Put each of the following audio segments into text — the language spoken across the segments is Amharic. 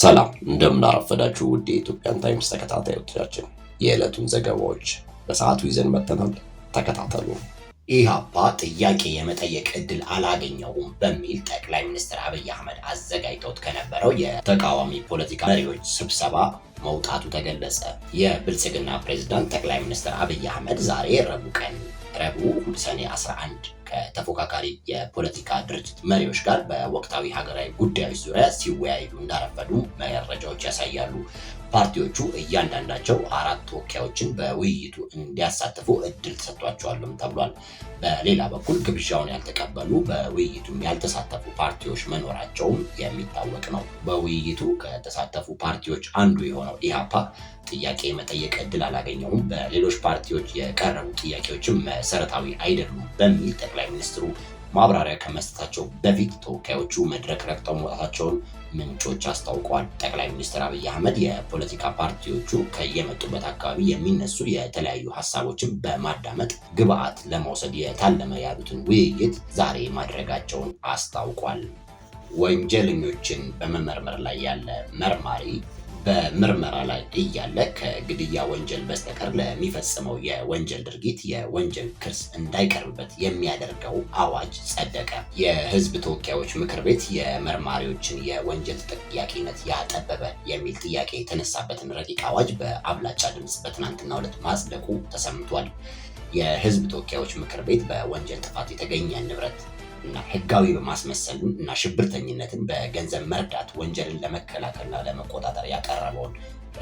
ሰላም እንደምናረፈዳችሁ ውድ የኢትዮጵያን ታይምስ ተከታታዮቻችን፣ የዕለቱን ዘገባዎች በሰዓቱ ይዘን መጥተናል። ተከታተሉ። ኢህአፓ ጥያቄ የመጠየቅ እድል አላገኘውም በሚል ጠቅላይ ሚኒስትር አብይ አህመድ አዘጋጅተውት ከነበረው የተቃዋሚ ፖለቲካ መሪዎች ስብሰባ መውጣቱ ተገለጸ። የብልጽግና ፕሬዝዳንት ጠቅላይ ሚኒስትር አብይ አህመድ ዛሬ ረቡ ቀን ረቡ ሰኔ 11 ከተፎካካሪ የፖለቲካ ድርጅት መሪዎች ጋር በወቅታዊ ሀገራዊ ጉዳዮች ዙሪያ ሲወያዩ እንዳረፈዱ መረጃዎች ያሳያሉ። ፓርቲዎቹ እያንዳንዳቸው አራት ተወካዮችን በውይይቱ እንዲያሳትፉ እድል ተሰጥቷቸዋልም ተብሏል። በሌላ በኩል ግብዣውን ያልተቀበሉ በውይይቱም ያልተሳተፉ ፓርቲዎች መኖራቸውም የሚታወቅ ነው። በውይይቱ ከተሳተፉ ፓርቲዎች አንዱ የሆነው ኢህአፓ ጥያቄ መጠየቅ እድል አላገኘውም፣ በሌሎች ፓርቲዎች የቀረቡ ጥያቄዎችም መሰረታዊ አይደሉም በሚል ጠቅላይ ሚኒስትሩ ማብራሪያ ከመስጠታቸው በፊት ተወካዮቹ መድረክ ረግጠው መውጣታቸውን ምንጮች አስታውቀዋል። ጠቅላይ ሚኒስትር አብይ አህመድ የፖለቲካ ፓርቲዎቹ ከየመጡበት አካባቢ የሚነሱ የተለያዩ ሀሳቦችን በማዳመጥ ግብአት ለመውሰድ የታለመ ያሉትን ውይይት ዛሬ ማድረጋቸውን አስታውቋል። ወንጀለኞችን በመመርመር ላይ ያለ መርማሪ በምርመራ ላይ እያለ ከግድያ ወንጀል በስተቀር ለሚፈጽመው የወንጀል ድርጊት የወንጀል ክስ እንዳይቀርብበት የሚያደርገው አዋጅ ጸደቀ። የሕዝብ ተወካዮች ምክር ቤት የመርማሪዎችን የወንጀል ተጠያቂነት ያጠበበ የሚል ጥያቄ የተነሳበትን ረቂቅ አዋጅ በአብላጫ ድምፅ በትናንትናው ዕለት ማጽደቁ ተሰምቷል። የሕዝብ ተወካዮች ምክር ቤት በወንጀል ጥፋት የተገኘ ንብረት እና ህጋዊ በማስመሰሉን እና ሽብርተኝነትን በገንዘብ መርዳት ወንጀልን ለመከላከልና ለመቆጣጠር ያቀረበውን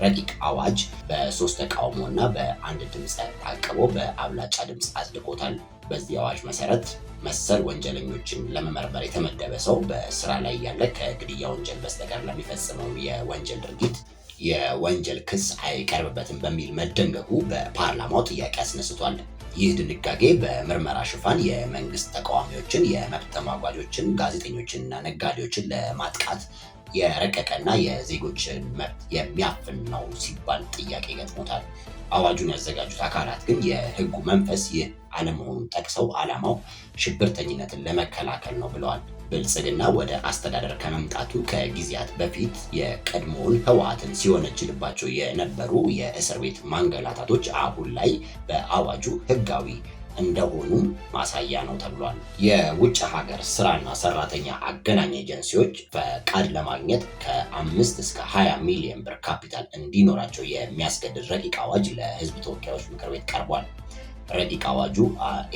ረቂቅ አዋጅ በሶስት ተቃውሞ እና በአንድ ድምፅ ታቅቦ በአብላጫ ድምፅ አጽድቆታል። በዚህ አዋጅ መሰረት መሰል ወንጀለኞችን ለመመርመር የተመደበ ሰው በስራ ላይ ያለ ከግድያ ወንጀል በስተቀር ለሚፈጽመው የወንጀል ድርጊት የወንጀል ክስ አይቀርብበትም በሚል መደንገጉ በፓርላማው ጥያቄ አስነስቷል። ይህ ድንጋጌ በምርመራ ሽፋን የመንግስት ተቃዋሚዎችን፣ የመብት ተሟጓጆችን፣ ጋዜጠኞችንና ነጋዴዎችን ለማጥቃት የረቀቀና የዜጎችን መብት የሚያፍን ነው ሲባል ጥያቄ ገጥሞታል። አዋጁን ያዘጋጁት አካላት ግን የህጉ መንፈስ ይህ አለመሆኑን ጠቅሰው ዓላማው ሽብርተኝነትን ለመከላከል ነው ብለዋል። ብልጽግና ወደ አስተዳደር ከመምጣቱ ከጊዜያት በፊት የቀድሞውን ህወሓትን ሲወነጅልባቸው የነበሩ የእስር ቤት ማንገላታቶች አሁን ላይ በአዋጁ ህጋዊ እንደሆኑ ማሳያ ነው ተብሏል። የውጭ ሀገር ስራና ሰራተኛ አገናኝ ኤጀንሲዎች ፈቃድ ለማግኘት ከአምስት እስከ 20 ሚሊዮን ብር ካፒታል እንዲኖራቸው የሚያስገድድ ረቂቅ አዋጅ ለህዝብ ተወካዮች ምክር ቤት ቀርቧል። ረቂቅ አዋጁ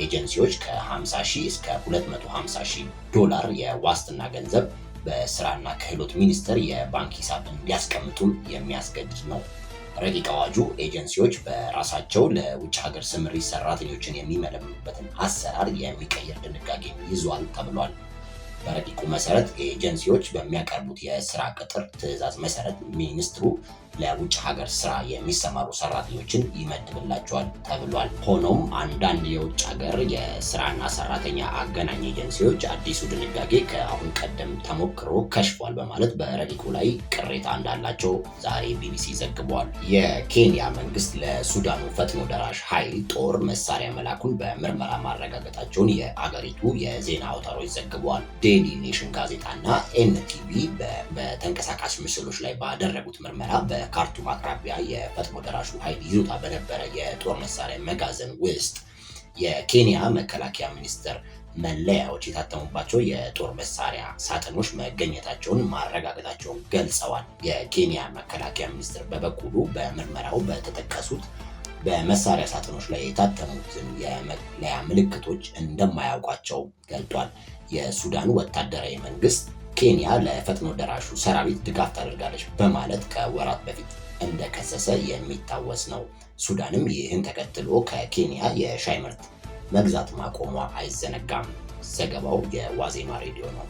ኤጀንሲዎች ከ50 ሺህ እስከ 250 ሺህ ዶላር የዋስትና ገንዘብ በስራና ክህሎት ሚኒስቴር የባንክ ሂሳብ እንዲያስቀምጡም የሚያስገድድ ነው። ረቂቅ አዋጁ ኤጀንሲዎች በራሳቸው ለውጭ ሀገር ስምሪት ሰራተኞችን የሚመለምሉበትን አሰራር የሚቀይር ድንጋጌ ይዟል ተብሏል። በረቂቁ መሰረት ኤጀንሲዎች በሚያቀርቡት የስራ ቅጥር ትዕዛዝ መሰረት ሚኒስትሩ ለውጭ ሀገር ስራ የሚሰማሩ ሰራተኞችን ይመድብላቸዋል ተብሏል። ሆኖም አንዳንድ የውጭ ሀገር የስራና ሰራተኛ አገናኝ ኤጀንሲዎች አዲሱ ድንጋጌ ከአሁን ቀደም ተሞክሮ ከሽፏል በማለት በረቂቁ ላይ ቅሬታ እንዳላቸው ዛሬ ቢቢሲ ዘግቧል። የኬንያ መንግስት ለሱዳኑ ፈጥኖ ደራሽ ኃይል ጦር መሳሪያ መላኩን በምርመራ ማረጋገጣቸውን የአገሪቱ የዜና አውታሮች ዘግቧል። ዴሊ ኔሽን ጋዜጣና ኤንቲቪ በተንቀሳቃሽ ምስሎች ላይ ባደረጉት ምርመራ በካርቱም አቅራቢያ የፈጥኖ ደራሹ ኃይል ይዞታ በነበረ የጦር መሳሪያ መጋዘን ውስጥ የኬንያ መከላከያ ሚኒስቴር መለያዎች የታተሙባቸው የጦር መሳሪያ ሳጥኖች መገኘታቸውን ማረጋገጣቸውን ገልጸዋል። የኬንያ መከላከያ ሚኒስቴር በበኩሉ በምርመራው በተጠቀሱት በመሳሪያ ሳጥኖች ላይ የታተሙትን የመለያ ምልክቶች እንደማያውቋቸው ገልጧል። የሱዳኑ ወታደራዊ መንግስት ኬንያ ለፈጥኖ ደራሹ ሰራዊት ድጋፍ ታደርጋለች በማለት ከወራት በፊት እንደከሰሰ የሚታወስ ነው። ሱዳንም ይህን ተከትሎ ከኬንያ የሻይ ምርት መግዛት ማቆሟ አይዘነጋም። ዘገባው የዋዜማ ሬዲዮ ነው።